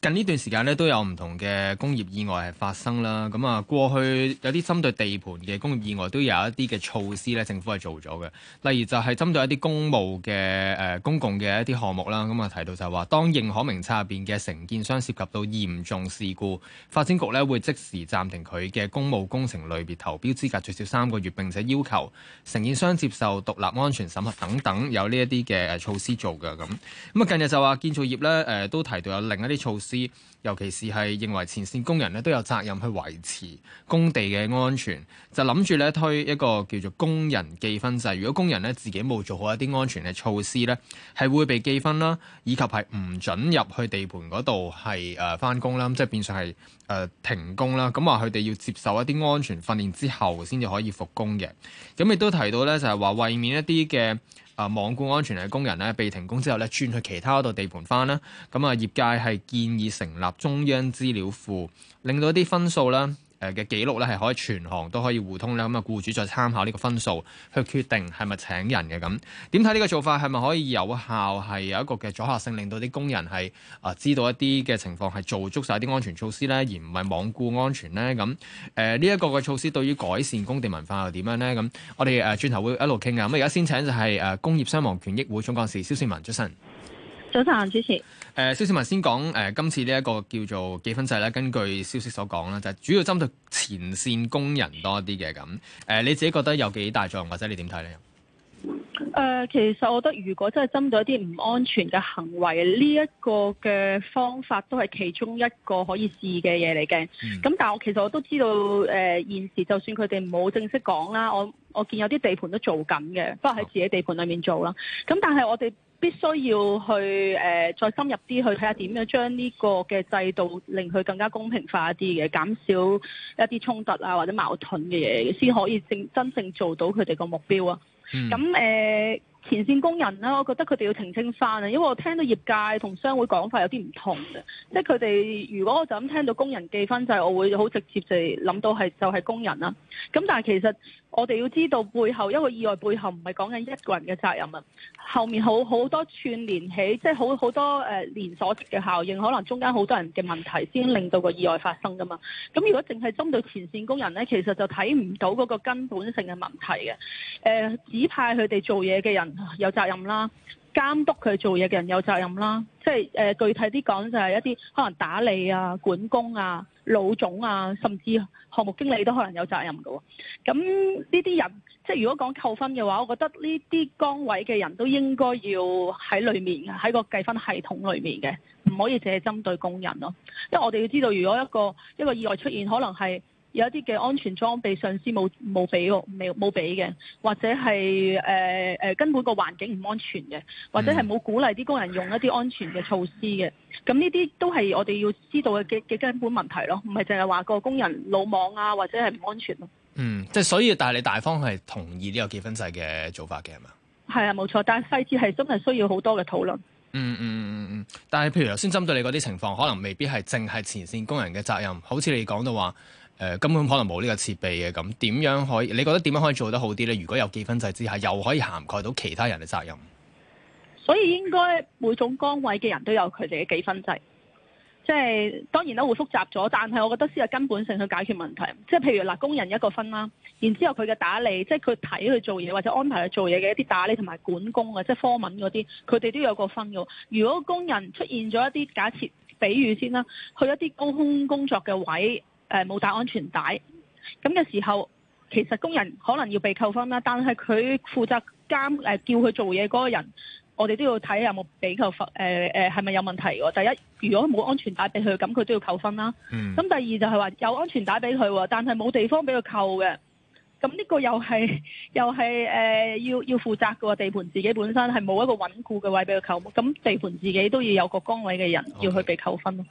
近呢段時間咧都有唔同嘅工業意外係發生啦。咁啊，過去有啲針對地盤嘅工業意外，都有一啲嘅措施咧政府係做咗嘅。例如就係針對一啲公務嘅、呃、公共嘅一啲項目啦。咁啊，提到就係話，當認可名冊入面嘅承建商涉及到嚴重事故，發展局咧會即時暫停佢嘅公務工程類別投標資格最少三個月，並且要求承建商接受獨立安全審核等等，有呢一啲嘅措施做嘅咁。咁啊，近日就話建造業呢、呃、都提到有另一啲措施。之，尤其是係認為前線工人咧都有責任去維持工地嘅安全，就諗住咧推一個叫做工人記分制。如果工人咧自己冇做好一啲安全嘅措施咧，係會被記分啦，以及係唔准入去地盤嗰度係誒返工啦，即係變相係誒停工啦。咁話佢哋要接受一啲安全訓練之後先至可以復工嘅。咁亦都提到咧，就係話為免一啲嘅。啊！罔顧安全嘅工人咧，被停工之後咧，轉去其他嗰度地盤返啦。咁啊，業界係建議成立中央資料庫，令到一啲分數啦，誒嘅記錄咧係可以全行都可以互通咧，咁啊僱主再參考呢個分數去決定係咪請人嘅。咁點睇呢個做法係咪可以有效，係有一個嘅阻嚇性，令到啲工人係啊知道一啲嘅情況係做足晒啲安全措施咧，而唔係罔顧安全咧，咁誒呢一個嘅措施對於改善工地文化又點樣咧？咁我哋誒轉頭會一路傾啊。咁而家先請就係誒工業傷亡權益會總幹事蕭倩文出聲。早晨，主持。誒、呃，蕭倩文先講誒、呃，今次呢一個叫做記分制咧，根據消息所講咧，就係、是、主要針對前線工人多啲嘅咁。誒、呃，你自己覺得有幾大作用，或者你點睇咧？誒、呃，其實我覺得，如果真係針對一啲唔安全嘅行為，呢、這、一個嘅方法都係其中一個可以試嘅嘢嚟嘅。咁、嗯，但係我其實我都知道，誒、呃，現時就算佢哋冇正式講啦，我我見有啲地盤都做緊嘅，不過喺自己地盤裡面做啦。咁、哦，但係我哋。必須要去誒、呃，再深入啲去睇下點樣將呢個嘅制度令佢更加公平化一啲嘅，減少一啲衝突啊或者矛盾嘅嘢，先可以正真正做到佢哋個目標啊。咁誒、嗯。前線工人咧，我覺得佢哋要澄清翻啊，因為我聽到業界同商會講法有啲唔同嘅，即係佢哋如果我就咁聽到工人記分制，就係、我會好直接就係諗到係就係工人啦。咁但係其實我哋要知道背後一個意外背後唔係講緊一個人嘅責任啊，後面好好多串連起，即係好好多誒連鎖嘅效應，可能中間好多人嘅問題先令到個意外發生噶嘛。咁如果淨係針對前線工人咧，其實就睇唔到嗰個根本性嘅問題嘅、呃。指派佢哋做嘢嘅人有責任啦，監督佢做嘢嘅人有責任啦，即係、呃、具體啲講就係一啲可能打理啊、管工啊、老總啊，甚至項目經理都可能有責任㗎喎、喔。咁呢啲人即係如果講扣分嘅話，我覺得呢啲崗位嘅人都應該要喺裏面，喺個計分系統裏面嘅，唔可以淨係針對工人咯。因為我哋要知道，如果一個一個意外出現，可能係。有一啲嘅安全裝備上司冇冇俾喎，冇俾嘅，或者係誒誒根本個環境唔安全嘅，或者係冇鼓勵啲工人用一啲安全嘅措施嘅。咁呢啲都係我哋要知道嘅嘅根本問題咯，唔係淨係話個工人魯莽啊，或者係唔安全咯。嗯，即係所以，但係你大方係同意呢個記分制嘅做法嘅係嘛？係啊，冇錯，但係細節係真係需要好多嘅討論。嗯嗯嗯嗯，但係譬如頭先針對你嗰啲情況，可能未必係淨係前線工人嘅責任，好似你講到話。誒根本可能冇呢個設備嘅咁，點樣可以？你覺得點樣可以做得好啲呢？如果有記分制之下，又可以涵蓋到其他人嘅責任。所以應該每種崗位嘅人都有佢哋嘅記分制，即係當然啦，會複雜咗。但係我覺得先係根本性去解決問題。即係譬如嗱，工人一個分啦，然之後佢嘅打理，即係佢睇佢做嘢或者安排佢做嘢嘅一啲打理同埋管工啊，即係科文嗰啲，佢哋都有個分嘅。如果工人出現咗一啲，假設，比喻先啦，去一啲高空工作嘅位。誒冇帶安全帶，咁嘅時候其實工人可能要被扣分啦。但係佢負責監、呃、叫佢做嘢嗰個人，我哋都要睇有冇俾扣分、誒、誒、係咪有問題喎？第一，如果冇安全帶俾佢，咁佢都要扣分啦。咁、嗯、第二就係話有安全帶俾佢，但係冇地方俾佢扣嘅，咁呢個又係又係誒、呃、要要負責喎。地盤自己本身係冇一個穩固嘅位俾佢扣。咁地盤自己都要有個崗位嘅人、嗯、要去被扣分。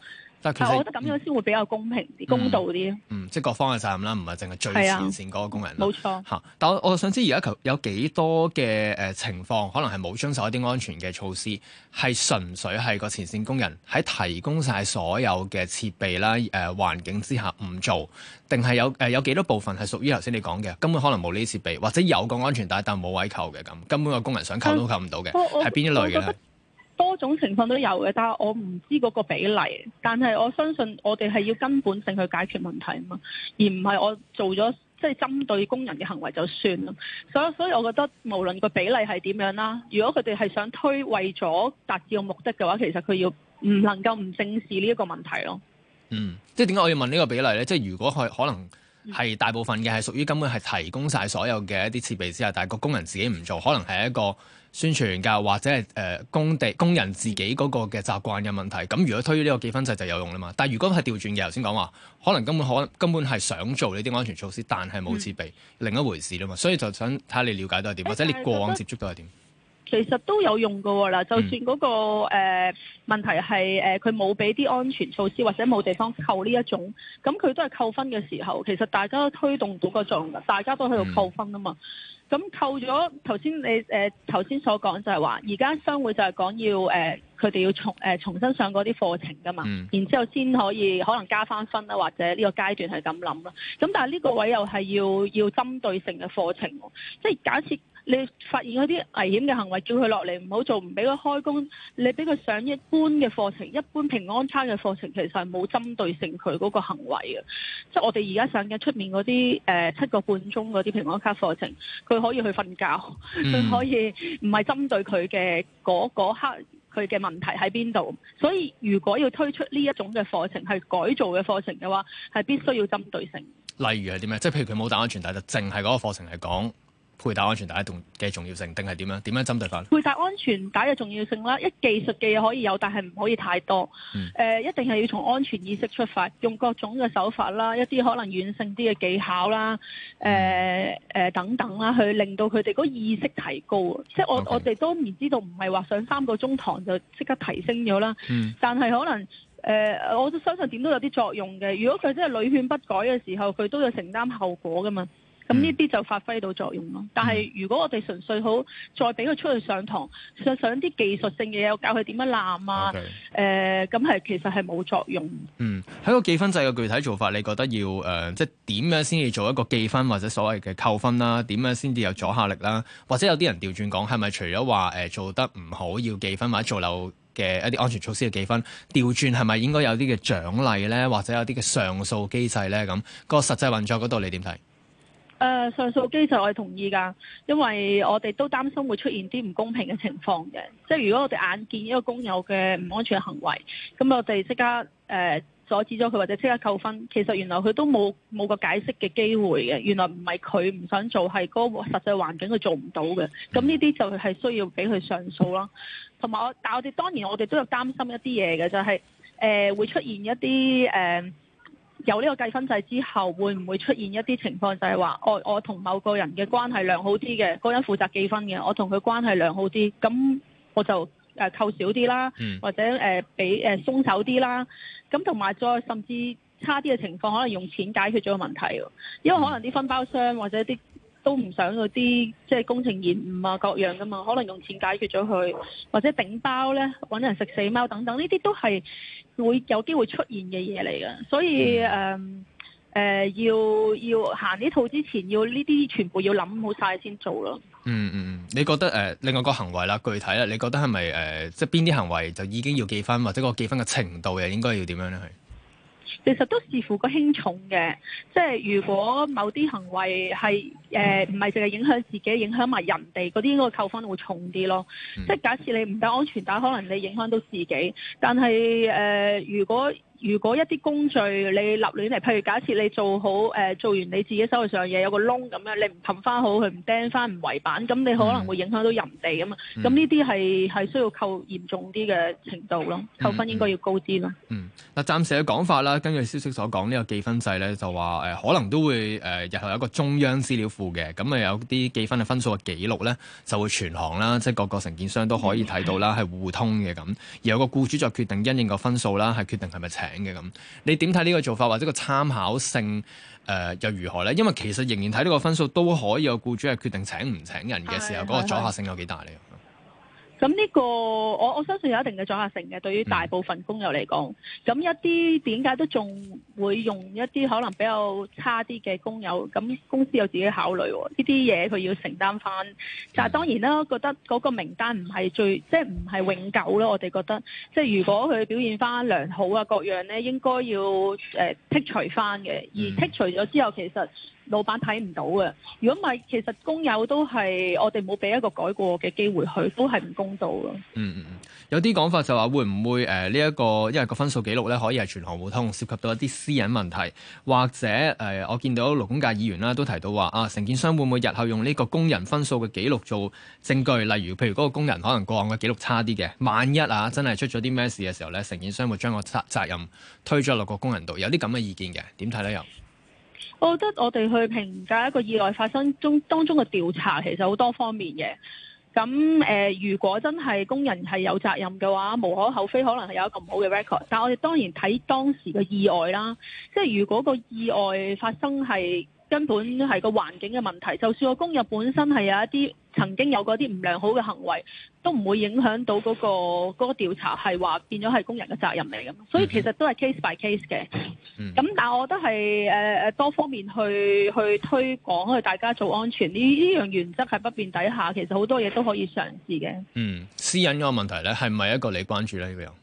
但其實但我覺得咁樣先會比較公平啲、嗯、公道啲。嗯，即係各方嘅責任啦，唔係淨係最前線嗰個工人。冇錯、啊。嚇！但我我想知而家有幾多嘅誒情況，可能係冇遵守一啲安全嘅措施，係純粹係個前線工人喺提供晒所有嘅設備啦、誒、呃、環境之下唔做，定係有誒、呃、有幾多部分係屬於頭先你講嘅根本可能冇呢啲設備，或者有個安全帶但冇位扣嘅咁，根本個工人想扣都扣唔到嘅，係邊、嗯、一類嘅咧？多種情況都有嘅，但係我唔知嗰個比例。但係我相信我哋係要根本性去解決問題啊嘛，而唔係我做咗即係針對工人嘅行為就算啦。所所以，所以我覺得無論個比例係點樣啦，如果佢哋係想推為咗達至個目的嘅話，其實佢要唔能夠唔正視呢一個問題咯。嗯，即係點解我要問呢個比例呢？即係如果佢可能係大部分嘅係屬於根本係提供晒所有嘅一啲設備之下，但係個工人自己唔做，可能係一個。宣傳㗎，或者係誒、呃、工地工人自己嗰個嘅習慣嘅問題。咁如果推呢個記分制就有用啦嘛。但係如果係調轉嘅，頭先講話，可能根本可根本係想做呢啲安全措施，但係冇設備，嗯、另一回事啦嘛。所以就想睇下你了解到係點，或者你過往接觸到係點。其實都有用噶啦，就算嗰個、呃、問題係呃、佢冇俾啲安全措施，或者冇地方扣呢一種，咁佢都係扣分嘅時候。其實大家都推動到個作用，大家都喺度扣分啊嘛。咁扣咗頭先你、呃、頭先所講就係話，而家商會就係講要誒佢哋要重、呃、重新上嗰啲課程噶嘛，嗯、然之後先可以可能加翻分啦，或者呢個階段係咁諗啦。咁但係呢個位又係要要針對性嘅課程，即係假設。你發現嗰啲危險嘅行為，叫佢落嚟唔好做，唔俾佢開工。你俾佢上一般嘅課程，一般平安卡嘅課程，其實係冇針對性佢嗰個行為嘅。即係我哋而家上嘅出面嗰啲誒七個半鐘嗰啲平安卡課程，佢可以去瞓覺，佢、嗯、可以唔係針對佢嘅嗰嗰刻佢嘅問題喺邊度。所以如果要推出呢一種嘅課程係改造嘅課程嘅話，係必須要針對性。例如係啲咩？即係譬如佢冇戴安全帶，就淨係嗰個課程嚟講。配戴安全帶嘅重要性，定係點樣？點樣針對法？配戴安全帶嘅重要性啦，一技術嘅嘢可以有，但係唔可以太多。嗯呃、一定係要從安全意識出發，用各種嘅手法啦，一啲可能軟性啲嘅技巧啦、呃呃，等等啦，去令到佢哋個意識提高。即係我哋 Okay. 我哋都唔知道，唔係話上三個鐘堂就即刻提升咗啦。嗯、但係可能、呃、我都相信點都有啲作用嘅。如果佢真係屢勸不改嘅時候，佢都有承擔後果噶嘛。咁呢啲就發揮到作用咯。嗯、但係如果我哋純粹好再俾佢出去上堂，上啲技術性嘅嘢教佢點樣攬啊？誒 Okay.、呃，咁係其實係冇作用。嗯，喺個記分制嘅具體做法，你覺得要、呃、即係點樣先至做一個記分或者所謂嘅扣分啦？點樣先至有阻嚇力啦？或者有啲人調轉講係咪除咗話、呃、做得唔好要記分，或者做漏嘅一啲安全措施要記分？調轉係咪應該有啲嘅獎勵咧，或者有啲嘅上訴機制咧？咁、個實際運作嗰度你點睇？誒、上訴機制我係同意㗎，因為我哋都擔心會出現啲唔公平嘅情況嘅。即係如果我哋眼見一個工友嘅唔安全嘅行為，咁我哋即刻誒、uh, 阻止咗佢，或者即刻扣分，其實原來佢都冇冇個解釋嘅機會嘅。原來唔係佢唔想做，係嗰個實際環境佢做唔到嘅。咁呢啲就係需要俾佢上訴咯。同埋我，但係我哋當然我哋都有擔心一啲嘢嘅，就係、是、誒、uh, 會出現一啲誒。Uh, 有呢個計分制之後，會唔會出現一啲情況，就係話我我同某個人嘅關係良好啲嘅，個人負責計分嘅，我同佢關係良好啲，咁我就誒扣少啲啦，或者誒俾誒鬆手啲啦，咁同埋再甚至差啲嘅情況，可能用錢解決咗個問題，因為可能啲分包商或者啲。都唔想嗰啲即係工程延誤啊，各樣噶嘛，可能用錢解決咗佢，或者頂包咧，搵人食死貓等等，呢啲都係會有機會出現嘅嘢嚟噶。所以誒誒、嗯呃，要要行呢套之前，要呢啲全部要諗好晒先做咯、嗯。嗯嗯你覺得誒，另外個行為啦，具體啦，你覺得係咪誒，即係邊啲行為就已經要記分，或者個記分嘅程度又應該要點樣咧？其實都視乎個輕重嘅，即係如果某啲行為係誒唔係淨係影響自己，影響埋人哋嗰啲應該扣分會重啲咯。即係假設你唔戴安全帶，可能你影響到自己。但係誒、呃，如果如果一啲工序你立亂嚟，譬如假設你做好誒、呃、做完你自己手頭上嘢有個窿咁樣，你唔冚翻好，佢唔釘翻唔圍板，咁你可能會影響到人哋。啊嘛、嗯。咁呢啲係係需要扣嚴重啲嘅程度咯，扣分應該要高啲咯、嗯。嗯，嗱、嗯嗯、暫時嘅講法啦，根據消息所講，呢、呢個記分制咧就話誒、呃、可能都會誒、呃、日後有一個中央資料庫嘅，咁啊有啲記分嘅分數嘅記錄咧就會全行啦，即係各個承建商都可以睇到啦，係、嗯、互通嘅咁，而有個僱主就決定因應個分數啦，係決定係咪請。請嘅咁，你點睇呢個做法或者個參考性、呃、又如何咧？因為其實仍然睇呢個分數都可以，有僱主係決定請唔請人嘅時候，嗰個阻嚇性有幾大咧？咁呢個我我相信有一定嘅阻嚇性嘅，對於大部分工友嚟講。咁一啲點解都仲會用一啲可能比較差啲嘅工友？咁公司有自己考慮喎，呢啲嘢佢要承擔翻。但係當然啦，覺得嗰個名單唔係最，即係唔係永久咯。我哋覺得，即係如果佢表現翻良好啊各樣呢，應該要誒、呃、剔除翻嘅。而剔除咗之後，其實。老闆睇唔到嘅，如果唔係，其實工友都係，我哋冇俾一個改過嘅機會，佢，都係唔公道嘅，嗯嗯嗯，有啲講法就話會唔會呢一、呃這個，因為個分數記錄咧可以係全行互通，涉及到一啲私隱問題，或者、呃、我見到勞工界議員、呃、啦都提到話啊，承建商會唔會日後用呢個工人分數嘅記錄做證據，例如譬如嗰個工人可能過往嘅記錄差啲嘅，萬一啊真係出咗啲咩事嘅時候咧，承建商會將個責責任推咗落個工人度，有啲咁嘅意見嘅，點睇咧又？我覺得我哋去評價一個意外發生中當中嘅調查，其實好多方面嘅。咁誒、呃，如果真係工人係有責任嘅話，無可厚非，可能係有一個唔好嘅 record。但係我哋當然睇當時嘅意外啦，即係如果個意外發生係根本係個環境嘅問題，就算個工人本身係有一啲。曾經有過啲唔良好嘅行為，都唔會影響到嗰、嗰個嗰、嗰個、調查係話變咗係工人嘅責任嚟嘅，所以其實都係 case by case 嘅。咁、嗯、但係我覺得係誒誒多方面去去推廣去大家做安全呢，呢樣原則係不變底下，其實好多嘢都可以嘗試嘅。嗯，私隱嗰個問題咧係唔係一個你關注咧呢個？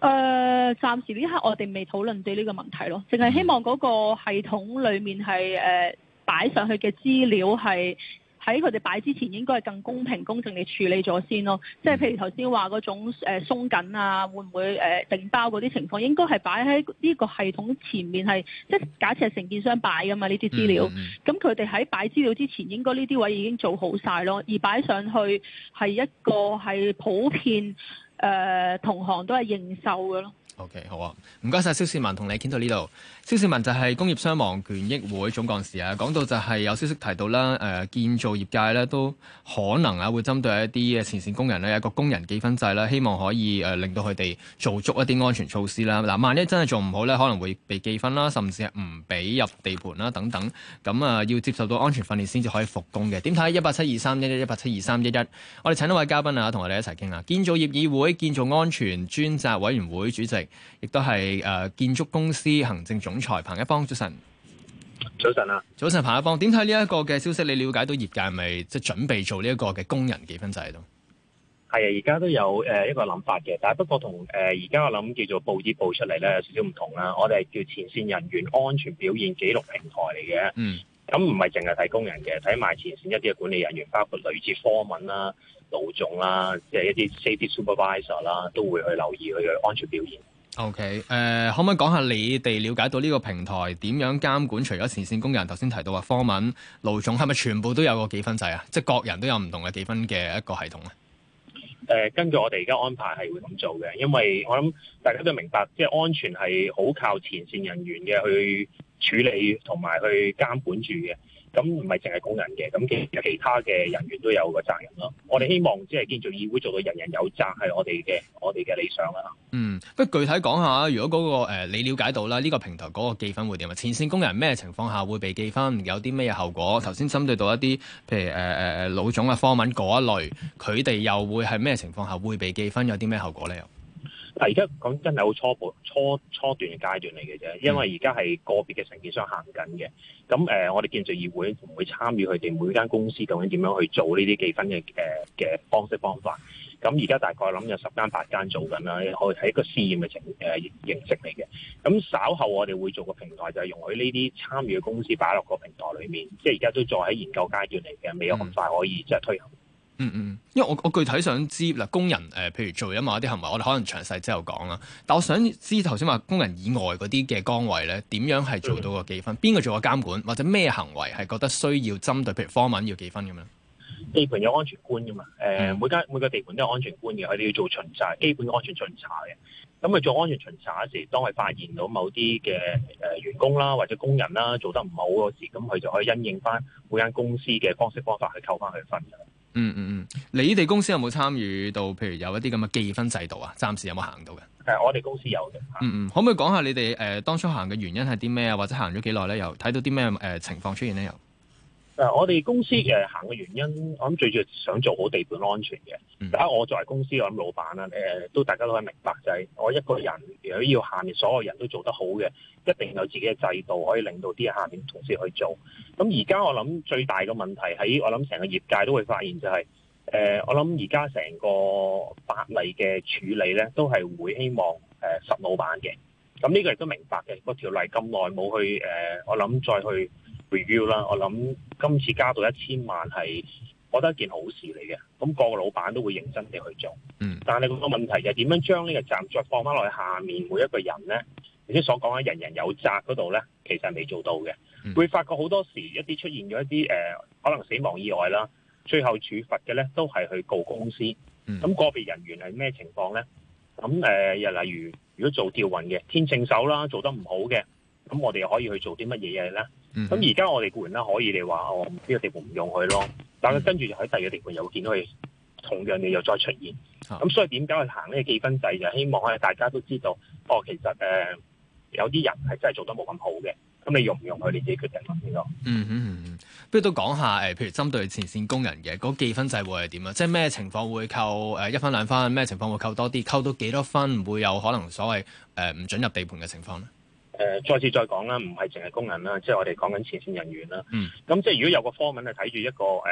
誒、呃，暫時呢刻我哋未討論到呢個問題咯，淨係希望嗰個系統裡面係誒、呃、擺上去嘅資料係。喺佢哋擺之前，應該係更公平公正地處理咗先咯。即係譬如頭先話嗰種誒、呃、鬆緊啊，會唔會誒、呃、定包嗰啲情況，應該係擺喺呢個系統前面係，即係假設係承建商擺㗎嘛呢啲資料。咁佢哋喺擺資料之前，應該呢啲位已經做好晒咯，而擺上去係一個係普遍誒、呃、同行都係認受嘅咯。O.K. 好啊，唔該晒，蕭倩文同你傾到呢度。蕭倩文就係工業傷亡權益會總幹事啊。講到就係有消息提到啦、呃，建造業界呢都可能啊會針對一啲嘅前線工人有、啊、一個工人記分制啦、啊，希望可以、啊、令到佢哋做足一啲安全措施啦、啊。嗱、啊，萬一真係做唔好呢，可能會被記分啦、啊，甚至係唔俾入地盤啦、啊、等等。咁啊，要接受到安全訓練先至可以復工嘅。點睇一八七二三一一一八七二三一一？我哋請一位嘉賓啊，同我哋一齊傾啊。建造業議會建造安全專責委員會主席。亦都係誒，建築公司行政總裁彭一邦，早晨，早晨啊，早晨彭一邦，點睇呢一個嘅消息？你了解到業界係咪即係準備做呢一個嘅工人記分制？度係啊，而家都有誒一個諗法嘅，但係不過同誒而家我諗叫做報紙報出嚟咧有少少唔同啦。我哋係叫前線人員安全表現記錄平台嚟嘅，嗯，咁唔係淨係睇工人嘅，睇埋前線一啲嘅管理人員，包括類似科文啦、老總啦，即係一啲 Safety Supervisor 啦，都會去留意佢嘅安全表現。O、okay, K，呃、可唔可以講下你哋了解到呢個平台點樣監管？除咗前線工人頭先提到話，科文、盧總係咪全部都有個記分制啊？即係各人都有唔同嘅記分嘅一個系統咧。誒、呃，根據我哋而家安排係會咁做嘅，因為我諗大家都明白，即係安全係好靠前線人員嘅去處理同埋去監管住嘅。咁唔係淨係工人嘅，咁其其他嘅人員都有個責任咯。我哋希望即係建造議會做到人人有責，係我哋嘅我哋嘅理想啦。嗯，不過具體講下，如果嗰、那個、呃、你了解到啦，呢、這個平台嗰個記分會點啊？前線工人咩情況下會被記分，有啲咩嘢後果？頭先針對到一啲譬如誒、呃、老總嘅科文嗰一類，佢哋又會係咩情況下會被記分，有啲咩後果咧？但而家講真係好初步、初初段嘅階段嚟嘅啫，因為而家係個別嘅承建商行緊嘅。咁誒、呃，我哋建造業議會唔會參與佢哋每間公司究竟點樣去做呢啲記分嘅誒嘅方式方法。咁而家大概諗有十間八間做緊啦，可係一個試驗嘅程誒、呃、形式嚟嘅。咁稍後我哋會做嘅平嘅個平台，就係容許呢啲參與嘅公司擺落個平台裏面，即係而家都仲喺研究階段嚟嘅，未有咁快可以即係推行。嗯嗯，因為我我具體想知嗱工人誒、呃，譬如做某一啲行為，我哋可能詳細之後講啦。但我想知頭先話工人以外嗰啲嘅崗位咧，點樣係做到個記分？邊個、嗯、做個監管，或者咩行為係覺得需要針對？譬如科文要記分咁咧？地盤有安全官噶嘛？誒、呃，每間、嗯、每個地盤都有安全官嘅，佢哋要做巡查，基本嘅安全巡查嘅。咁佢做安全巡查嗰時，當佢發現到某啲嘅誒員工啦或者工人啦做得唔好嗰時，咁佢就可以因應翻每間公司嘅方式方法去扣翻佢分。嗯嗯嗯，你哋公司有冇參與到，譬如有一啲咁嘅記分制度啊？暫時有冇行到嘅？誒，我哋公司有嘅。嗯嗯，可唔可以講下你哋誒、呃、當初行嘅原因係啲咩啊？或者行咗幾耐咧？又睇到啲咩、呃、情況出現咧？又？啊、我哋公司誒行嘅原因，我諗最主要想做好地盤安全嘅、呃。大家我作為公司我諗老闆啦都大家都係明白，就係、是、我一個人，如果要下面所有人都做得好嘅，一定有自己嘅制度可以令到啲下面同事去做。咁而家我諗最大嘅問題在，喺我諗成個業界都會發現、就是，就係誒，我諗而家成個法例嘅處理咧，都係會希望誒十、呃、老闆嘅。咁、嗯、呢、呢個亦都明白嘅，個條例咁耐冇去誒、呃，我諗再去。review 啦，我諗今次加到一千萬係，我覺得一件好事嚟嘅。咁個個老闆都會認真地去做。嗯。Mm. 但係個個問題就係點樣將呢個站再放翻落去下面每一個人咧？你先所講嘅，人人有責嗰度咧，其實係未做到嘅。Mm. 會發覺好多時一啲出現咗一啲、呃、可能死亡意外啦，最後處罰嘅咧都係去告公司。咁、mm. 個別人員係咩情況咧？咁誒又例如，如果做吊運嘅天秤手啦，做得唔好嘅，咁我哋又可以去做啲乜嘢嘢咧？咁而家我哋固然啦，可以你話我呢個地盤唔用佢咯，但係跟住就喺第二個地盤又會見到佢，同樣你又再出現。咁、啊、所以點解去行呢個記分制就希望大家都知道，哦，其實誒、呃、有啲人係真係做得冇咁好嘅。咁你用唔用佢，你自己決定咯、嗯。嗯嗯嗯，不如都講下誒，譬如針對前線工人嘅嗰記分制會係點啊？即係咩情況會扣誒、呃、一分兩分？咩情況會扣多啲？扣到幾多分會有可能所謂誒唔准入地盤嘅情況咧？誒，再次再講啦，唔係淨係工人啦，即係我哋講緊前線人員啦。咁、嗯、即係如果有個科文係睇住一個誒喺、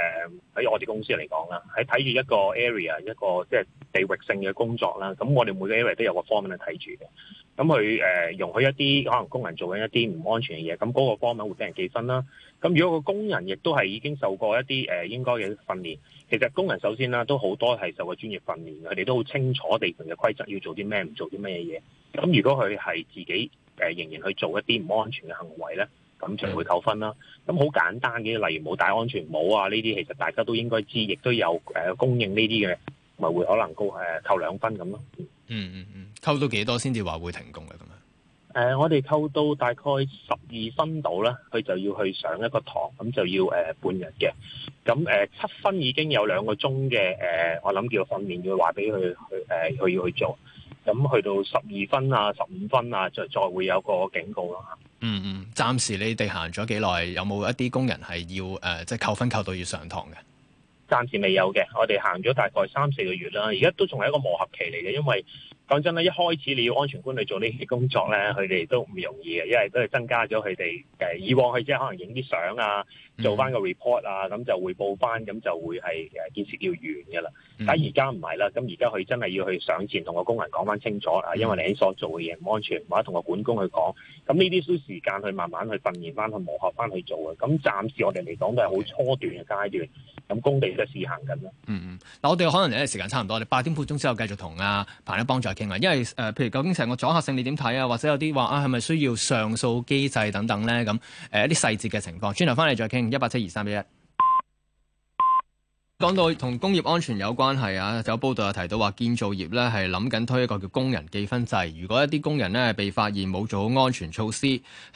呃、我哋公司嚟講啦，喺睇住一個 area 一個即係地域性嘅工作啦。咁我哋每個 area 都有個科文嚟睇住嘅。咁佢誒容許一啲可能工人做緊一啲唔安全嘅嘢，咁嗰個科文會俾人記分啦。咁如果個工人亦都係已經受過一啲誒、呃、應該嘅訓練，其實工人首先啦都好多係受過專業訓練，佢哋都好清楚地盤嘅規則要做啲咩，唔做啲乜嘢。咁如果佢係自己，誒仍然去做一啲唔安全嘅行為咧，咁就會扣分啦。咁好、嗯、簡單嘅，例如冇戴安全帽啊，呢啲其實大家都應該知，亦都有供應呢啲嘅，咪會可能扣、呃、扣兩分咁咯、嗯。嗯嗯嗯，扣到幾多先至話會停工嘅咁樣？誒，我哋扣到大概十二分到咧，佢就要去上一個堂，咁就要、呃、半日嘅。咁、呃、七分已經有兩個鐘嘅、呃、我諗叫訓練要話俾佢去佢要去做。咁去到十二分啊，十五分啊，就再會有個警告啦。嗯嗯，暫時你哋行咗幾耐？有冇一啲工人係要誒、呃，即係扣分扣到要上堂嘅？暫時未有嘅，我哋行咗大概三四個月啦。而家都仲係一個磨合期嚟嘅，因為講真咧，一開始你要安全管理做呢啲工作咧，佢哋都唔容易嘅，因為都係增加咗佢哋誒以往佢即係可能影啲相啊。嗯、做翻個 report 啊，咁就會報翻，咁就會係誒建設要完嘅啦。嗯、但而家唔係啦，咁而家佢真係要去上前同個工人講翻清楚啊，因為你所做嘅嘢唔安全，或者同個管工去講。咁呢啲需要時間去慢慢去訓練翻、去磨合翻去做嘅。咁暫時我哋嚟講都係好初段嘅階段，咁工地都試行緊咯。嗯嗯，嗱我哋可能嚟嘅時間差唔多，你八點半鐘之後繼續同阿彭一邦再傾啊。因為誒、呃，譬如究竟成個阻嚇性你點睇啊？或者有啲話啊，係咪需要上訴機制等等咧？咁誒、呃、一啲細節嘅情況，轉頭翻嚟再傾。一八七二三一一。講到同工業安全有關係啊，就有報道有提到話，建造業呢係諗緊推一個叫工人記分制。如果一啲工人呢被發現冇做好安全措施，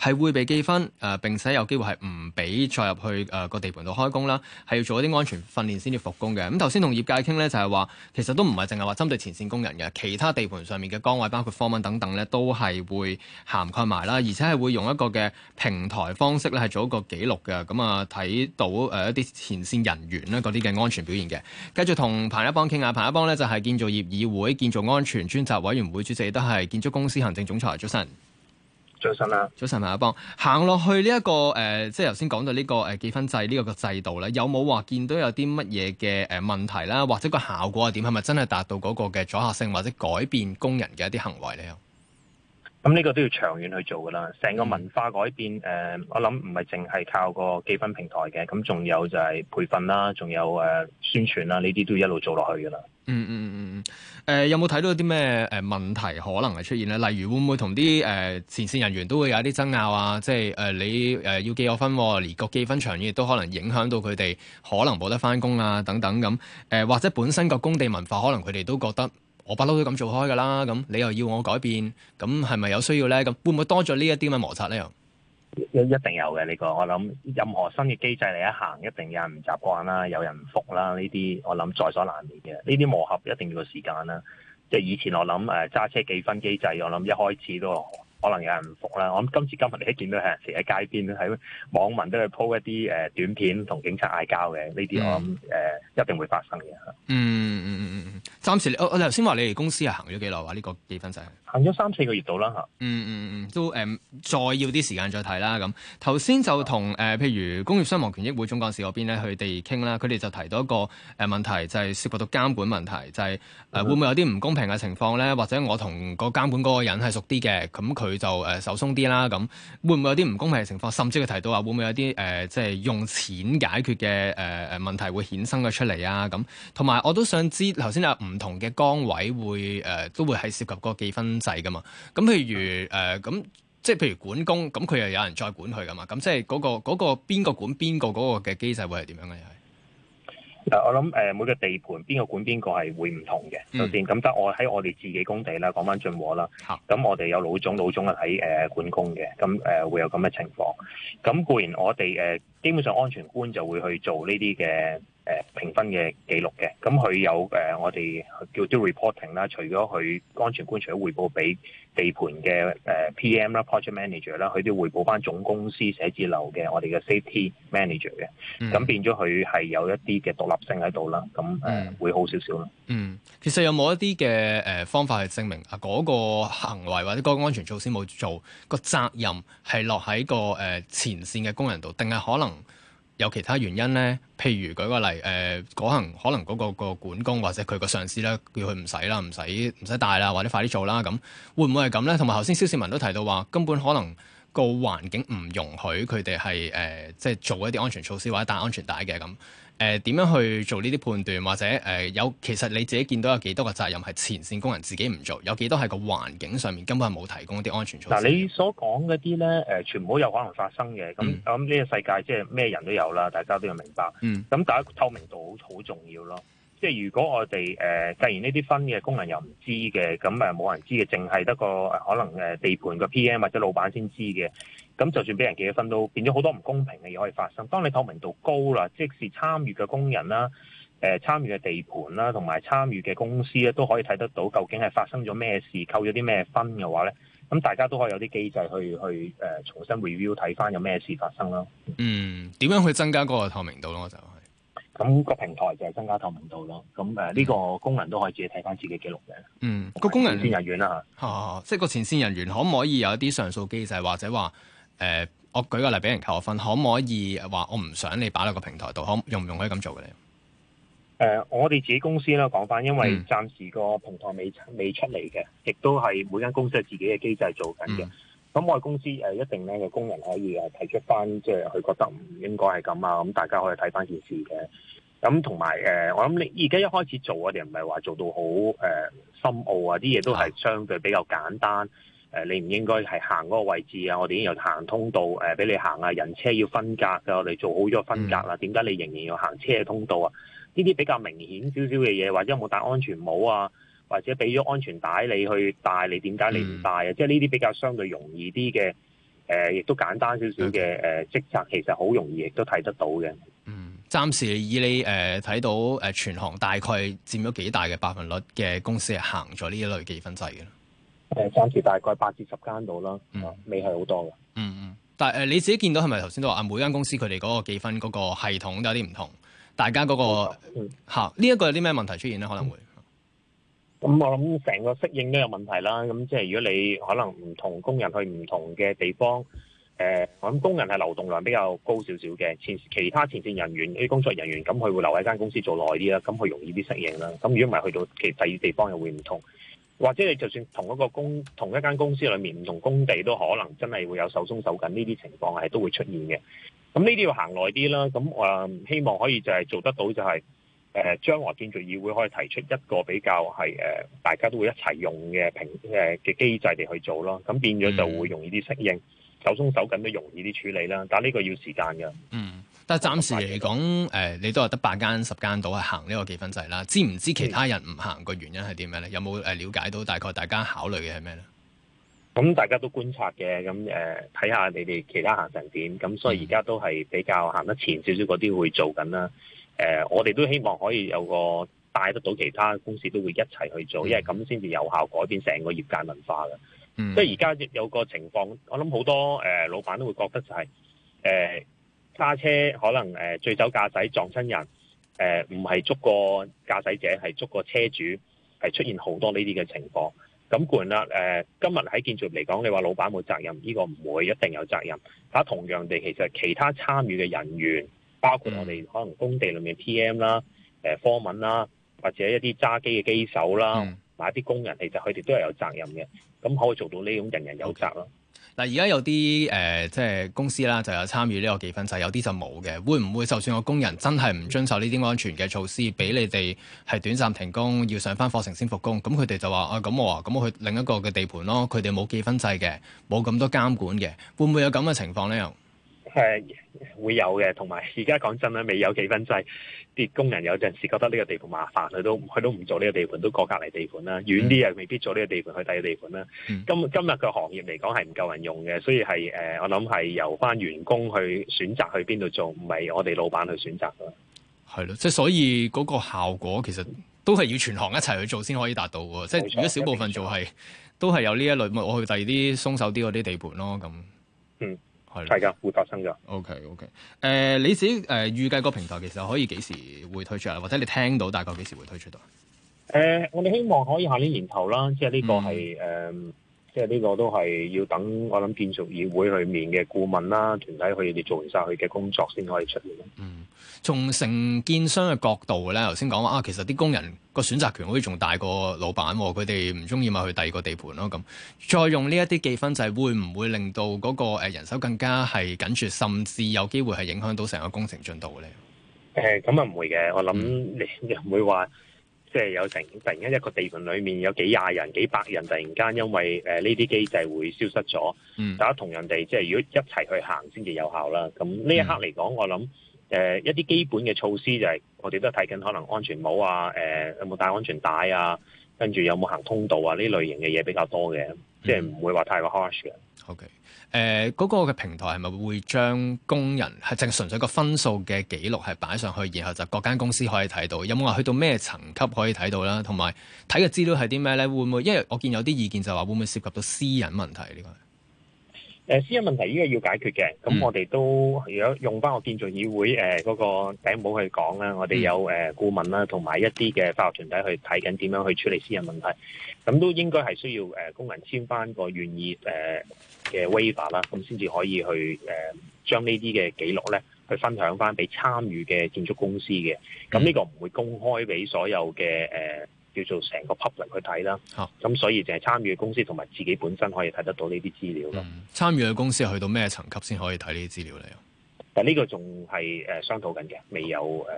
係會被記分，誒並且有機會係唔俾再入去誒個地盤度開工啦。係要做一啲安全訓練先至復工嘅。咁頭先同業界傾呢，就係話，其實都唔係淨係話針對前線工人嘅，其他地盤上面嘅崗位，包括科文等等呢，都係會涵蓋埋啦，而且係會用一個嘅平台方式呢，係做一個記錄嘅。咁啊睇到誒一啲前線人員呢嗰啲嘅安全表現嘅，繼續同彭一邦傾下。彭一邦呢，就係建造業議會建造安全專責委員會主席，亦都係建築公司行政總裁。早晨，早晨啦，早晨，彭一邦。行落去呢一個誒，即係頭先講到呢個誒記分制呢個個制度咧，有冇話見到有啲乜嘢嘅誒問題啦，或者個效果係點？係咪真係達到嗰個嘅阻嚇性，或者改變工人嘅一啲行為咧？咁呢個都要長遠去做噶啦，成個文化改變，誒，我諗唔係淨係靠個記分平台嘅，咁仲有就係培訓啦，仲有誒宣傳啦，呢啲都要一路做落去噶啦、嗯。嗯嗯嗯嗯誒有冇睇到啲咩誒問題可能係出現咧？例如會唔會同啲誒前線人員都會有一啲爭拗啊？即係誒你誒要記我分，連、那個記分長遠亦都可能影響到佢哋，可能冇得翻工啊等等咁、嗯。或者本身個工地文化，可能佢哋都覺得。我不嬲都咁做開噶啦，咁你又要我改變，咁係咪有需要呢？咁會唔會多咗呢一啲嘅摩擦呢？又一一定有嘅呢個，我諗任何新嘅機制你一行，一定有人唔習慣啦，有人唔服啦，呢啲我諗在所難免嘅。呢啲磨合一定要個時間啦，即係以前我諗誒揸車記分機制，我諗一開始都。可能有人唔服啦，我諗今次今日你一見到人哋喺街邊，喺網民都去 po 一啲誒短片同警察嗌交嘅，呢啲我諗誒、嗯呃、一定會發生嘅。嗯嗯嗯嗯嗯嗯，暫時我頭先話你哋公司係行咗幾耐話呢個幾分制、就是，行咗三四個月度啦嚇。嗯嗯嗯都誒再要啲時間再睇啦咁。頭先就同誒、嗯呃、譬如工業傷亡權益會總幹事嗰邊咧，佢哋傾啦，佢哋就提到一個誒問題，就係、是、涉及到監管問題，就係、是、誒、呃嗯、會唔會有啲唔公平嘅情況咧？或者我同個監管嗰個人係熟啲嘅，咁佢。佢就呃手鬆啲啦，咁會唔會有啲唔公平嘅情況？甚至佢提到話，會唔會有啲、呃、即係用錢解決嘅誒誒問題會衍生咗出嚟啊？咁同埋我都想知，頭先啊，唔同嘅崗位會、呃、都會係涉及個記分制噶嘛？咁譬如誒，咁、呃、即係譬如管工，咁佢又有人再管佢噶嘛？咁即係嗰個嗰個邊個管邊個嗰個嘅機制會係點樣嘅？又係？我諗誒、呃，每個地盤邊個管邊個係會唔同嘅，首先咁得我喺我哋自己工地啦，講翻進和啦，咁我哋有老總，老總啊喺誒管工嘅，咁、呃、誒會有咁嘅情況，咁固然我哋誒、呃、基本上安全官就會去做呢啲嘅。誒評分嘅記錄嘅，咁佢有誒、呃、我哋叫做 reporting 啦，除咗佢安全官，除咗匯報俾地盤嘅誒 PM 啦、project manager 啦，佢都要匯報翻總公司寫字樓嘅我哋嘅 Safety Manager 嘅、嗯，咁變咗佢係有一啲嘅獨立性喺度啦，咁誒、呃嗯、會好少少啦。嗯，其實有冇一啲嘅誒方法去證明嗰、嗰個行為或者嗰個安全措施冇做，個責任係落喺個誒前線嘅工人度，定係可能？有其他原因咧，譬如舉個例，誒、呃，嗰行可能嗰、那個、個管工或者佢個上司咧，叫佢唔使啦，唔使唔使帶啦，或者快啲做啦，咁會唔會係咁咧？同埋頭先蕭倩文都提到話，根本可能個環境唔容許佢哋係誒，即係做一啲安全措施或者帶安全帶嘅咁。誒點、呃、樣去做呢啲判斷，或者誒有、呃、其實你自己見到有幾多個責任係前線工人自己唔做，有幾多係個環境上面根本係冇提供一啲安全措施。嗱，你所講嗰啲咧誒，全部都有可能發生嘅。咁咁呢個世界即係咩人都有啦，大家都要明白。咁第一透明度好好重要咯。即係如果我哋誒計完呢啲分嘅工人又唔知嘅，咁誒冇人知嘅，淨係得個可能誒地盤個 PM 或者老闆先知嘅。咁就算俾人記咗分都變咗好多唔公平嘅嘢可以發生。當你透明度高啦，即是參與嘅工人啦、誒、呃、參與嘅地盤啦、同埋參與嘅公司咧，都可以睇得到究竟係發生咗咩事、扣咗啲咩分嘅話咧，咁大家都可以有啲機制去去誒、呃、重新 review 睇翻有咩事發生咯。嗯，點樣去增加嗰個透明度咯？就係咁個平台就係增加透明度咯。咁誒呢個功能都可以自己睇翻自己記錄嘅、嗯嗯。嗯，個工人前線人員啦吓，即係個前線人員可唔可以有一啲上訴機制或者話？誒、呃，我舉個例，俾人扣我分，可唔可以話我唔想你擺落個平台度？可用唔用可以咁做嘅咧？誒、呃，我哋自己公司啦，講翻，因為暫時個平台未，未出未出嚟嘅，亦都係每間公司係自己嘅機制做緊嘅。咁、嗯、我哋公司誒、呃，一定咧，個工人可以誒提出翻，即係佢覺得唔應該係咁啊。咁大家可以睇翻件事嘅。咁同埋誒，我諗你而家一開始做，我哋唔係話做到好誒深奧啊，啲、呃、嘢都係相對比較簡單。誒，你唔應該係行嗰個位置啊！我哋已經有行通道，誒、呃，俾你行啊！人車要分隔嘅，我哋做好咗分隔啦。點解、嗯、你仍然要行車嘅通道啊？呢啲比較明顯少少嘅嘢，或者沒有冇戴安全帽啊？或者俾咗安全帶你去戴，你點解你唔戴啊？嗯、即係呢啲比較相對容易啲嘅，誒、呃，亦都簡單少少嘅誒職責，其實好容易亦都睇得到嘅。嗯，暫時以你誒睇到誒全行大概佔咗幾大嘅百分率嘅公司係行咗呢一類記分制嘅？誒，暫時大概八至十間度啦，嗯，未係好多嘅，嗯嗯。但係誒，你自己見到係咪頭先都話啊？每間公司佢哋嗰個記分嗰個系統都有啲唔同，大家嗰、嗰個，吓呢一個有啲咩問題出現咧？嗯、可能會，咁、嗯、我諗成個適應都有問題啦。咁即係如果你可能唔同工人去唔同嘅地方，誒、呃，我諗工人係流動量比較高少少嘅，前其他前線人員啲工作人員咁，佢會留喺間公司做耐啲啦，咁佢容易啲適應啦。咁如果唔係去到其第二地方又會唔同。或者你就算同一個工同一間公司裏面唔同工地都可能真係會有手鬆手緊呢啲情況係都會出現嘅。咁呢啲要行耐啲啦。咁、嗯、我希望可以就係做得到就係、是、將、呃、來建築議會可以提出一個比較係、呃、大家都會一齊用嘅平嘅機、呃、制嚟去做咯。咁變咗就會容易啲適應、嗯、手鬆手緊都容易啲處理啦。但係呢個要時間㗎。嗯。但係暫時嚟講，誒、呃、你都係得八間十間到係行呢個記分制啦。知唔知其他人唔行嘅原因係點樣咧？嗯、有冇誒瞭解到大概大家考慮嘅係咩咧？咁大家都觀察嘅，咁誒睇下你哋其他行成點。咁所以而家都係比較行得前少少嗰啲會做緊啦。誒、嗯呃，我哋都希望可以有個帶得到其他公司都會一齊去做，嗯、因為咁先至有效改變成個業界文化嘅。即係而家有個情況，我諗好多誒、呃、老闆都會覺得就係、是、誒。呃揸車可能誒、呃、醉酒駕駛撞親人，誒唔係捉個駕駛者，係捉個車主，係出現好多呢啲嘅情況。咁固然啦，誒、呃、今日喺建築嚟講，你話老闆冇責任，呢個唔會一定有責任。吓，同樣地，其實其他參與嘅人員，包括我哋可能工地裏面 PM 啦、呃、科文啦，或者一啲揸機嘅機手啦，嗯、或者一啲工人，其實佢哋都係有責任嘅。咁可以做到呢種人人有責咯。Okay. 嗱，而家有啲誒，即係公司啦，就有參與呢個記分制，有啲就冇嘅。會唔會就算個工人真係唔遵守呢啲安全嘅措施，俾你哋係短暫停工，要上翻課程先復工？咁佢哋就話啊，咁我啊，咁我去另一個嘅地盤咯，佢哋冇記分制嘅，冇咁多監管嘅，會唔會有咁嘅情況咧？係、呃、會有嘅，同埋而家講真咧，未有記分制，啲工人有陣時覺得呢個地盤麻煩，佢都佢都唔做呢個地盤，都過隔籬地盤啦。遠啲又未必做呢個地盤，去第二地盤啦，嗯。今今日嘅行業嚟講係唔夠人用嘅，所以係誒、呃，我諗係由翻員工去選擇去邊度做，唔係我哋老闆去選擇噶。係咯，即係所以嗰個效果其實都係要全行一齊去做先可以達到噶。嗯、即係如果小部分做係，是都係有呢一類，咪我去第二啲鬆手啲嗰啲地盤咯。咁，嗯。係，係㗎，會發生㗎。OK，OK。誒，你自己誒、呃、預計個平台其實可以幾時會推出嚟，或者你聽到大概幾時會推出到？誒、呃，我哋希望可以下年年頭啦，即係呢個係誒。嗯嗯即係呢個都係要等我諗建造業議會裏面嘅顧問啦，團體佢哋做完晒佢嘅工作先可以出嚟咯。嗯，從承建商嘅角度咧，頭先講話啊，其實啲工人個選擇權好似仲大過老闆，佢哋唔中意咪去第二個地盤咯。咁再用呢一啲記分制，會唔會令到嗰個人手更加係緊缺，甚至有機會係影響到成個工程進度咧？誒、嗯，咁啊唔會嘅，我諗你唔會話。即係有成突然間一個地盤裏面有幾廿人、幾百人，突然間因為呢啲、呃、機制會消失咗，嗯、大家同人哋即係如果一齊去行先至有效啦。咁呢一刻嚟講，嗯、我諗、呃、一啲基本嘅措施就係我哋都睇緊可能安全帽啊、呃、有冇戴安全帶啊、跟住有冇行通道啊呢類型嘅嘢比較多嘅，即係唔會話太過 harsh、嗯。OK。誒嗰個嘅平台係咪會將工人係淨係純粹個分數嘅記錄係擺上去，然後就各間公司可以睇到？有冇話去到咩層級可以睇到啦？同埋睇嘅資料係啲咩呢？會唔會因為我見有啲意見就話會唔會涉及到私隱問題呢個？呃、私人問題依個要解決嘅，咁我哋都如果用翻我建造議會誒嗰、呃那個頂帽去講啦，嗯、我哋有誒顧、呃、問啦、啊，同埋一啲嘅法律團體去睇緊點樣去處理私人問題，咁都應該係需要誒、呃、工人簽翻個願意誒嘅 waiver 啦，咁先至可以去誒將、呃、呢啲嘅記錄呢去分享翻俾參與嘅建築公司嘅，咁、呃、呢、嗯、個唔會公開俾所有嘅誒。呃叫做成個 public 去睇啦，咁、啊、所以就係參與公司同埋自己本身可以睇得到呢啲資料咯。參與嘅公司去到咩層級先可以睇呢啲資料咧？但呢個仲係誒商討緊嘅，未有誒、呃、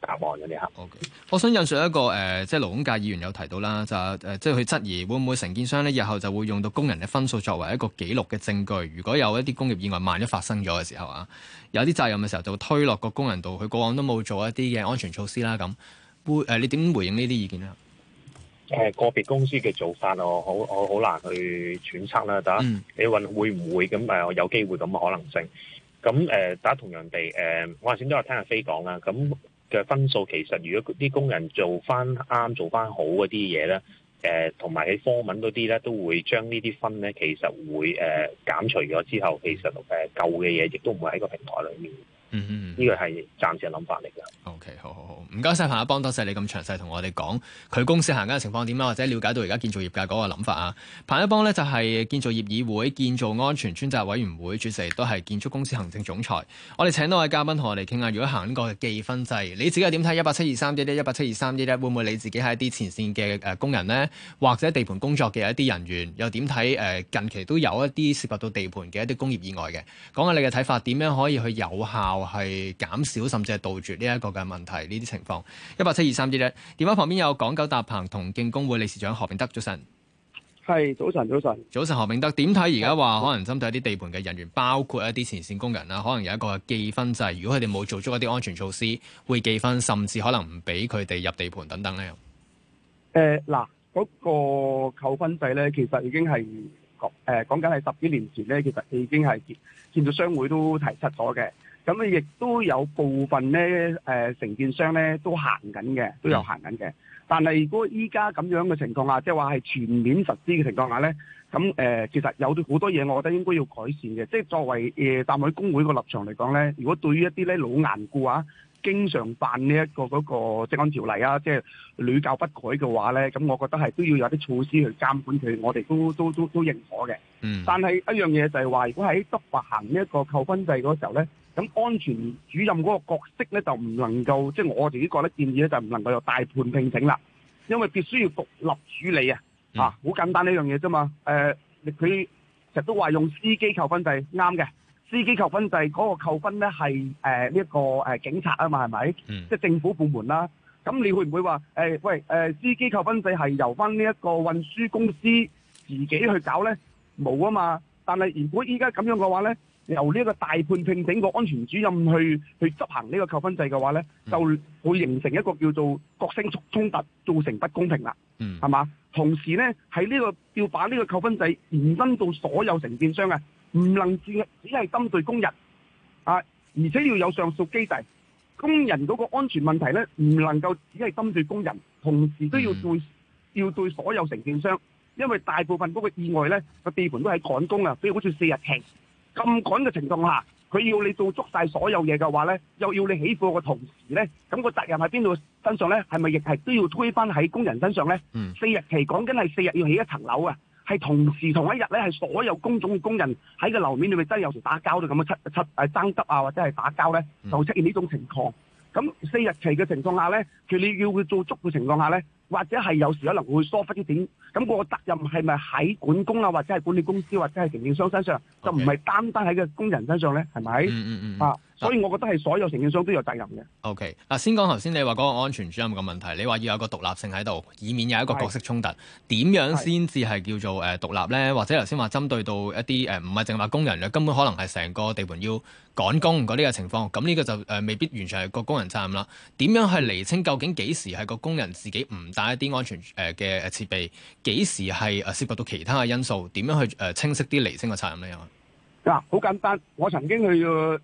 答案嗰啲。嚇，Okay. 我想引述一個誒，即係勞工界議員有提到啦，就即係佢質疑會唔會承建商咧，日後就會用到工人嘅分數作為一個記錄嘅證據。如果有一啲工業意外萬一發生咗嘅時候啊，有啲責任嘅時候就推落個工人度，佢過往都冇做一啲嘅安全措施啦，咁、呃、你點回應呢啲意見咧？誒、呃，個別公司嘅做法我好，我好難去揣測啦。但你問會唔會咁我、呃、有機會咁嘅可能性？咁、呃、大家同人哋誒，我頭先都有聽阿飛講啦。咁嘅分數其實，如果啲工人做翻啱，做翻好嗰啲嘢咧，同埋喺科文嗰啲咧，都會將呢啲分咧，其實會、呃、減除咗之後，其實誒舊嘅嘢亦都唔會喺個平台裏面。嗯，呢個係暫時嘅諗法嚟㗎。OK，好好好，唔該晒彭一邦，多謝你咁詳細同我哋講佢公司行緊嘅情況點啊，或者了解到而家建造業界嗰個諗法啊。彭一邦呢，就係建造業議會建造安全專責委員會主席，都係建築公司行政總裁。我哋請多位嘉賓同我哋傾下，如果行呢個記分制，你自己係點睇？一八七二三一一一八七二三一一，會唔會你自己係一啲前線嘅誒工人呢？或者地盤工作嘅一啲人員，又點睇誒近期都有一啲涉及到地盤嘅一啲工業意外嘅？講下你嘅睇法，點樣可以去有效？係減少甚至係杜絕呢一個嘅問題，這況呢啲情況，一八七二三一一電話旁邊有港九搭棚同敬工會理事長何明德何炳德，早晨係早晨，早晨早晨何炳德點睇，而家話可能針對一啲地盤嘅人員，上包括一啲前線工人啦，可能有一個記分制，如果佢哋冇做足一啲安全措施，會記分，甚至可能唔俾佢哋入地盤等等咧？誒、呃，嗱、那，個扣分制咧，其實已經係講，誒，講緊係十幾年前咧，其實已經係建造商會都提出咗嘅。咁啊，亦都有部分咧，誒、呃、承建商咧都行緊嘅，都有行緊嘅。但係如果依家咁樣嘅情況下，即係話係全面實施嘅情況下咧，咁誒、呃、其實有啲好多嘢，我覺得應該要改善嘅。即係作為誒同敬工會個立場嚟講咧，如果對於一啲咧老硬固話、啊、經常犯呢一個嗰個職安條例啊，即係屢教不改嘅話咧，咁我覺得係都要有啲措施去監管佢。我哋都都都都認可嘅。嗯。但係一樣嘢就係話，如果喺執法行呢一個扣分制嗰時候咧，咁安全主任嗰個角色咧，就唔能夠，即、就、係、是、我自己覺得建議咧，就唔能夠由大盤聘請啦，因為必須要獨立處理、嗯、啊！啊，好簡單呢樣嘢啫嘛。誒、呃，佢其實成日都話用司機扣分制啱嘅，司機扣分制嗰個扣分咧係呢一個、呃、警察啊嘛，係咪？即係、嗯、政府部門啦。咁你會唔會話、呃、喂、呃、司機扣分制係由翻呢一個運輸公司自己去搞咧？冇啊嘛。但係，如果依家咁樣嘅話呢，由呢個個大判聘請個安全主任去去執行呢個扣分制嘅話呢，就會形成一個叫做角色衝突，造成不公平啦。嗯，係嘛？同時呢，喺呢、這個要把呢個扣分制延伸到所有承建商啊，唔能只只係針對工人啊，而且要有上訴機制。工人嗰個安全問題呢，唔能夠只係針對工人，同時都要對、嗯、要對所有承建商。因為大部分嗰個意外咧，個地盤都係趕工啊，所以好似四日期咁趕嘅情況下，佢要你做足晒所有嘢嘅話咧，又要你起貨嘅同時咧，咁個責任喺邊度身上咧？係咪亦係都要推翻喺工人身上咧？嗯，四日期講緊係四日要起一層樓啊，係同時同一日咧，係所有工種嘅工人喺個樓面裏面真係有時打交到咁樣七七誒、呃、爭執啊，或者係打交咧，就出現呢種情況。咁四日期嘅情況下咧，佢你要佢做足嘅情況下咧？或者係有時可能會疏忽啲點，點，咁個責任係咪喺管工啦，或者係管理公司，或者係承建商身上，Okay. 就唔係單單喺個工人身上咧，係咪、嗯？嗯嗯啊，嗯所以我覺得係所有承建商都有責任嘅。O K，嗱，先講頭先你話嗰個安全主任嘅問題，你話要有一個獨立性喺度，以免有一個角色衝突，點是樣先至係叫做誒獨立咧？或者頭先話針對到一啲誒唔係淨係話工人嘅，根本可能係成個地盤要趕工嗰啲嘅情況，咁呢個就誒、呃、未必完全係個工人責任啦。點樣去釐清究竟幾時係個工人自己唔？打一啲安全誒嘅設備，幾時係誒涉及到其他嘅因素？點樣去誒清晰啲釐清嘅責任咧？嗱、嗯，好簡單，我曾經去有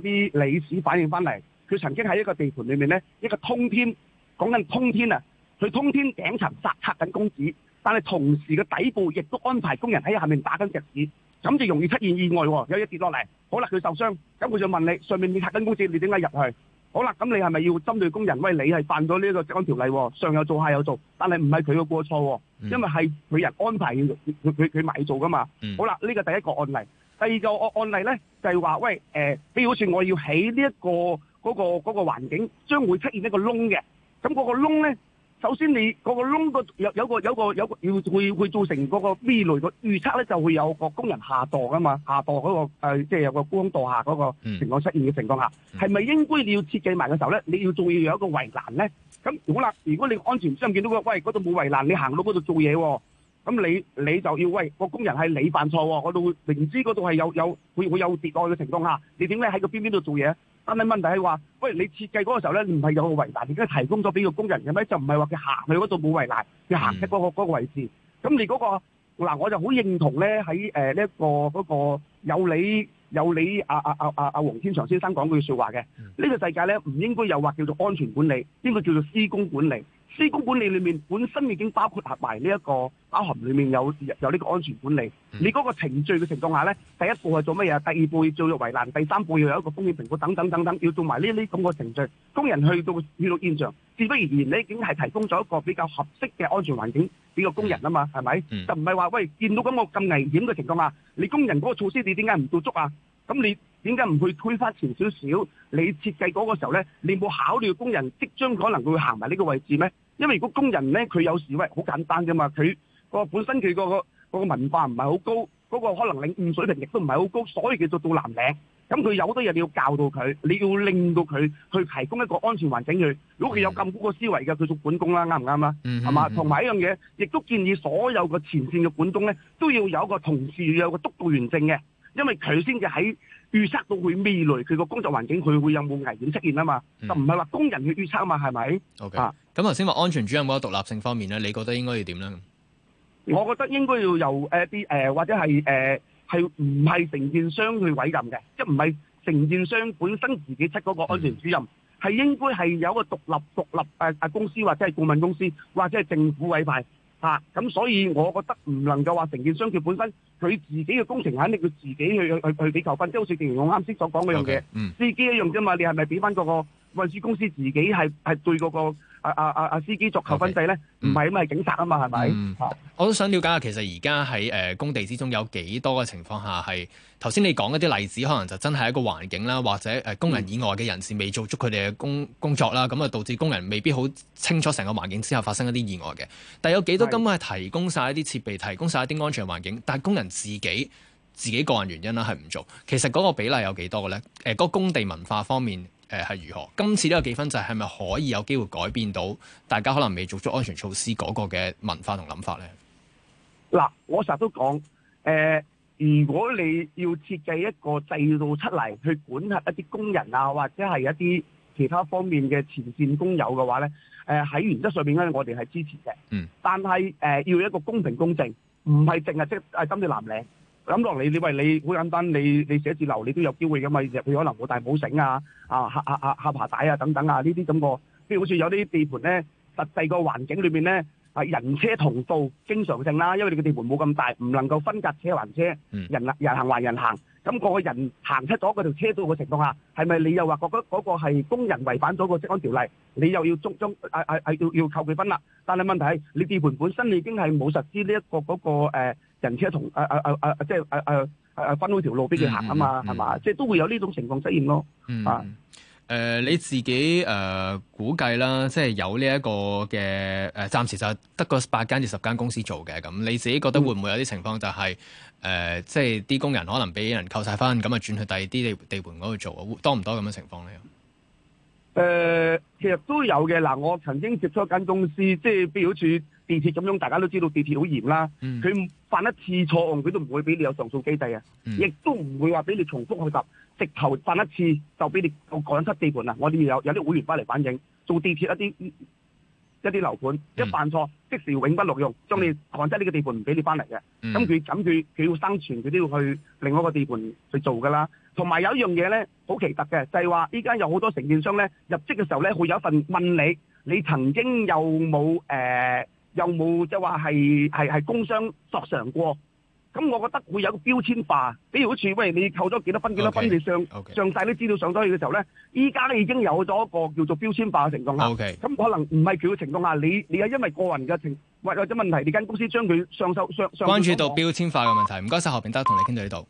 啲理事反映翻嚟，佢曾經喺一個地盤裏面咧，一個通天，講緊通天啊，佢通天頂層刷拆緊公紙，但係同時嘅底部亦都安排工人喺下面打緊石屎，咁就容易出現意外，有嘢跌落嚟，好啦，佢受傷，咁佢就問你，上面你擦緊公紙，你點解入去？好啦，咁你係咪要針對工人？喂，你係犯咗呢一個職安條例喎，上有做下有做，但係唔係佢嘅過錯喎，嗯、因為係佢人安排佢佢佢佢做噶嘛。嗯、好啦，呢個第一個案例，第二個案例咧就係、是、話，喂，誒、呃，比如好似我要起呢一個嗰、那個那個環境將會出現一個窿嘅，咁嗰個窿咧。首先你嗰、那個窿有個有個有個有個要會會造成嗰個 B 類個預測咧，就會有個工人下墮噶嘛，下墮嗰、那個誒即係有個高空墮下嗰個情況出現嘅情況下，係咪、嗯、應該你要設計埋嘅時候咧，你要仲要有一個圍欄咧？咁好啦，如果你安全箱見到個喂嗰度冇圍欄，你行到嗰度做嘢喎、哦，咁你你就要喂個工人係你犯錯喎、哦，我會明知嗰度係有有會會有跌落去嘅情況下，你點解喺個邊邊度做嘢？但係問題係話，喂，你設計嗰個時候咧，唔係有個圍欄，而家提供咗俾個工人，入面就唔係話佢行去嗰度冇圍欄，佢行喺嗰個位置。咁、嗯、你嗰、那個嗱，我就好認同咧，喺呢一個嗰、那個有你有你阿啊啊阿阿黃天祥先生講句說話嘅，呢、嗯、個世界咧唔應該有話叫做安全管理，應該叫做施工管理。施工管理裏面本身已經包括合埋呢一個，包含裏面有有呢個安全管理。你嗰個程序嘅情況下呢，第一步係做乜嘢？第二步要做圍欄，第三步要有一個風險評估，等等等等，要做埋呢啲咁嘅程序。工人去到去到現場，自然而然你已經係提供咗一個比較合適嘅安全環境俾個工人啊嘛，係咪、嗯？就唔係話喂，見到咁個咁危險嘅情況下，你工人嗰個措施你點解唔做足啊？咁你點解唔去推翻前少少？你設計嗰個時候呢，你冇考慮工人即將可能會會行埋呢個位置咩？因為如果工人呢，佢有時喂好簡單噶嘛，佢個本身佢、個、個文化唔係好高，嗰、個可能領悟水平亦都唔係好高，所以叫做到藍領。咁佢有好多嘢你要教到佢，你要令到佢去提供一個安全環境佢。如果佢有咁高個思維嘅，佢做管工啦，啱唔啱啊？係嘛？同 埋樂一樣嘢，亦都建議所有嘅前線嘅管工呢，都要有一個同事要有個督導員證嘅。因為佢先至喺預測到佢未來佢個工作環境佢會有冇危險出現啊嘛，嗯、就唔係話工人去預測啊嘛，係咪？OK 咁頭先話安全主任嗰個獨立性方面咧，你覺得應該要點咧？我覺得應該要由誒啲誒或者係誒係唔係承建商去委任嘅，即係唔係承建商本身自己出嗰個安全主任，係、嗯、應該係有一個獨立獨立誒誒公司或者係顧問公司或者係政府委派。咁、啊、所以，我覺得唔能夠話承建商佢本身佢自己嘅工程，肯定要自己去去去俾扣分，即好似正如我啱先所講嗰樣嘢，okay. 嗯、司機一樣啫嘛，你係咪俾翻個？運輸公司自己係係對嗰、那個啊啊啊啊司機作扣分制咧，唔係因為警察啊嘛？係咪、嗯？我都想了解下，其實而家喺誒工地之中有幾多嘅情況下，係頭先你講一啲例子，可能就真係一個環境啦，或者誒工人以外嘅人士未做足佢哋嘅工、嗯、工作啦，咁啊導致工人未必好清楚成個環境之後發生一啲意外嘅。但有幾多根本係提供晒一啲設備，提供晒一啲安全環境，但係工人自己自己個人原因啦，係唔做。其實嗰個比例有幾多嘅咧？誒、呃，嗰個工地文化方面。誒，係如何？今次呢個記分制係咪可以有機會改變到大家可能未做足安全措施嗰個嘅文化同諗法咧？嗱，我成日都講，如果你要設計一個制度出嚟去管轄一啲工人啊，或者係一啲其他方面嘅前線工友嘅話咧，喺、呃、原則上面咧，我哋係支持嘅。嗯。但係、呃、要一個公平公正，唔係淨係即係針對藍領。咁落嚟，你喂，你好簡單，你你寫字樓你都有機會噶嘛？入去可能冇帶冇繩啊，啊下下下下爬帶啊等等啊，呢啲咁個，即係好似有啲地盤咧，實際個環境裏面咧，係人車同道經常性啦，因為你個地盤冇咁大，唔能夠分隔車還車，人啊人行還人行，咁個人行出咗嗰條車道嘅情況下，係咪你又話覺得嗰個係工人違反咗個職安條例，你又要將將啊啊啊要要扣佢分啦？但係問題係你地盤本身你已經係冇實施呢一個嗰個誒。人車同啊啊啊啊即係啊啊啊分開條路俾佢行啊嘛嗯嗯嗯，係嘛？即係都會有呢種情況出現咯。嗯。誒你自己誒估計啦，即係有呢一個嘅誒、呃、暫時就得個八間至十間公司做嘅咁，你自己覺得會唔會有啲情況就係、是、誒、嗯嗯呃、即係啲工人可能俾人扣晒翻，咁啊轉去第二啲地地盤嗰度做多唔多咁嘅情況咧？誒、呃，其實都有嘅。嗱，我曾經接觸一間公司，即係譬如好似地鐵咁樣，大家都知道地鐵好嚴啦。佢、嗯、犯一次錯誤，佢都唔會俾你有上訴機制嘅，亦都唔會話俾你重複去集。直頭犯一次就俾你我趕出地盤啦。我哋有有啲會員翻嚟反映，做地鐵一啲一啲樓盤，一犯錯即時永不錄用，將你趕出呢個地盤，不你來，唔俾你翻嚟嘅。咁佢咁佢佢要生存，佢都要去另外一個地盤去做㗎啦。同埋有一樣嘢咧，好奇特嘅就係話，依家有好多承建商咧，入職嘅時候咧，會有一份問你，你曾經有冇誒，呃、又有冇就話係係係工傷索償過？咁我覺得會有個標籤化，比如好似喂，你扣咗幾多分幾多分，多分 Okay. 你上 Okay. 上晒啲資料上咗去嘅時候咧，依家已經有咗一個叫做標籤化嘅情況。咁 Okay. 可能唔係佢嘅情況下，你你因為個人嘅情或或者問題，你間公司將佢上收上雙關注到標籤化嘅問題。唔該晒，手手何炳德同你傾到呢度。